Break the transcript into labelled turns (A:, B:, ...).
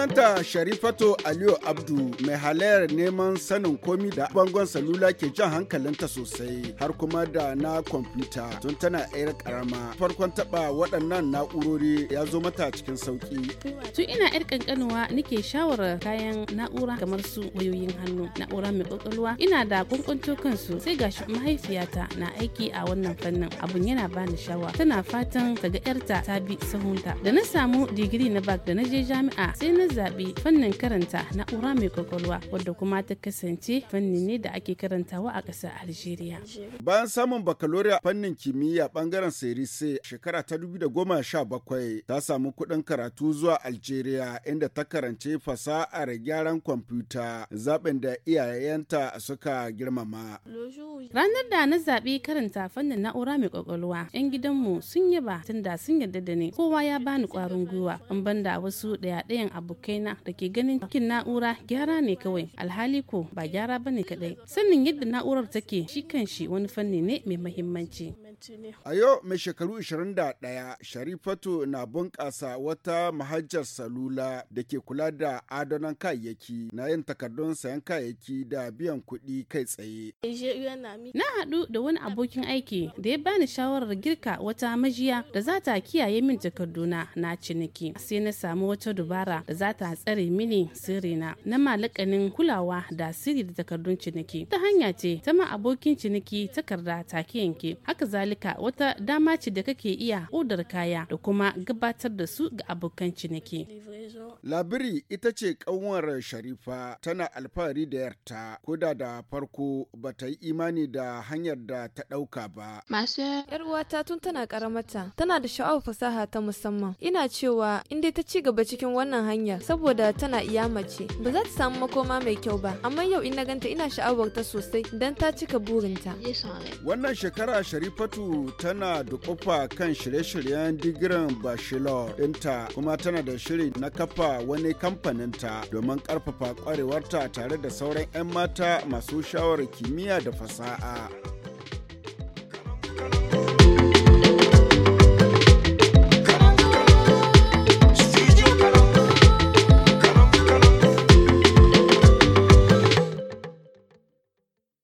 A: Sunanta Sharifato Aliyu Abdu mai halayar neman sanin komi da bangon salula ke jan hankalinta sosai har kuma da na kwamfuta tun tana yar karama. Farkon taba waɗannan na'urori ya zo mata cikin sauki.
B: Tun ina yar kankanuwa nake shawara kayan na'ura kamar su wayoyin hannu, na'ura mai kwakwalwa ina da kunkunto kansu sai gashi mahaifiyata na aiki a wannan fannin abun yana bani shawa tana fatan ta ga yarta ta bi sahunta da na samu digiri na bak da na je jami'a sai na zaɓi fannin karanta na'ura mai kwakwalwa wadda kuma ta kasance fannin ne da ake karantawa a ƙasar Algeria.
A: Bayan samun bakaloriya fannin kimiyya bangaren Serise shekara ta da bakwai ta samu kuɗin karatu zuwa Algeria inda ta karance fasa'ar gyaran kwamfuta zaɓin da iyayenta suka girmama.
B: Ranar da na zaɓi karanta fannin na'ura mai kwakwalwa 'yan gidanmu sun yaba tunda sun yarda da ni kowa ya bani ƙwarin gwiwa an banda wasu ɗaya-ɗayan abu kaina da ke ganin cikin na'ura gyara ne kawai alhali ko ba gyara ba ne kadai sannin yadda na'urar take shi kan shi wani fanni ne mai mahimmanci
A: a yau mai shekaru 21 sharifatu na bunƙasa wata mahajjar salula da ke kula da adonan kayayyaki na yin takardun sayan kayayyaki da biyan kuɗi kai tsaye
B: na haɗu da wani abokin aiki da ya bani shawarar girka wata majiya da za ta kiyaye min takarduna na ciniki sai na samu wata dubara da za ta tsare mini sirrina na malakanin kulawa da sirri da takardun ciniki ta hanya ce ta ma abokin ciniki takarda take yanke haka zalika wata dama ce da kake iya odar kaya da kuma gabatar da su ga abokan ciniki
A: labiri ita ce kanwar sharifa tana alfahari da yarta koda da farko ba ta yi imani da hanyar da ta ɗauka ba
B: masu yar uwata tun tana karamata tana da sha'awar fasaha ta musamman ina cewa in dai ta ci gaba cikin wannan hanya hanya saboda tana iya mace ba za ta samu makoma mai kyau ba amma yau in na ganta ina sha'awar sosai dan ta cika burinta
A: wannan shekara sharifatu tana dukufa kan shirye-shiryen digirin bachelor ɗinta kuma tana da shiri na kafa wani kamfaninta domin karfafa kwarewarta tare da sauran 'yan mata masu shawarar kimiyya da fasaha.